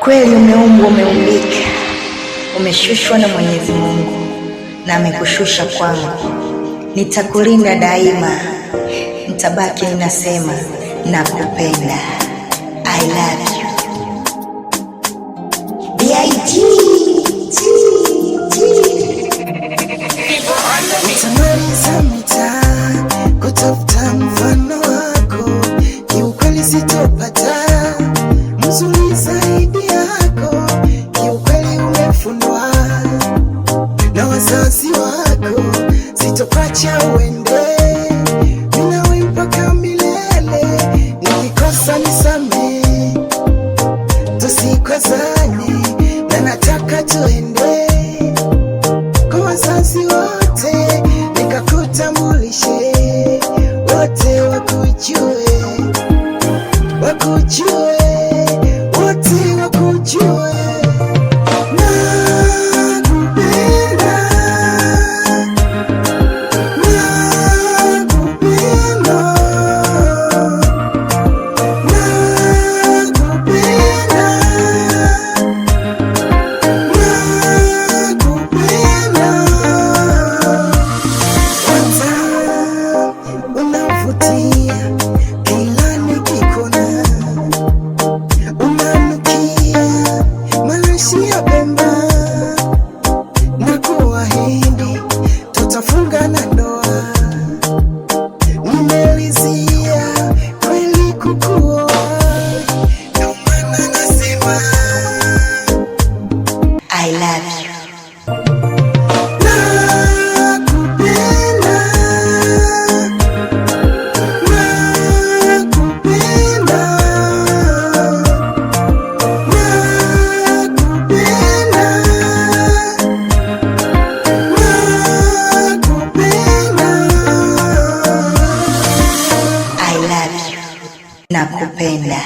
Kweli umeumbwa, umeumbika, umeshushwa na Mwenyezi Mungu na amekushusha kwangu. Nitakulinda daima, nitabaki ninasema nakupenda. I love you kiukweli sitopata mzuri zaidi kufundwa na wazazi wako, sitokuacha uende minawe mpaka milele. Nikikosa nisame, tusikwazane, na nataka tuende kwa wazazi wote, nikakutambulishe wote, wakujue wakujue wote wakujue Tunaenda na kuahidi tutafunga na ndoa nakupenda.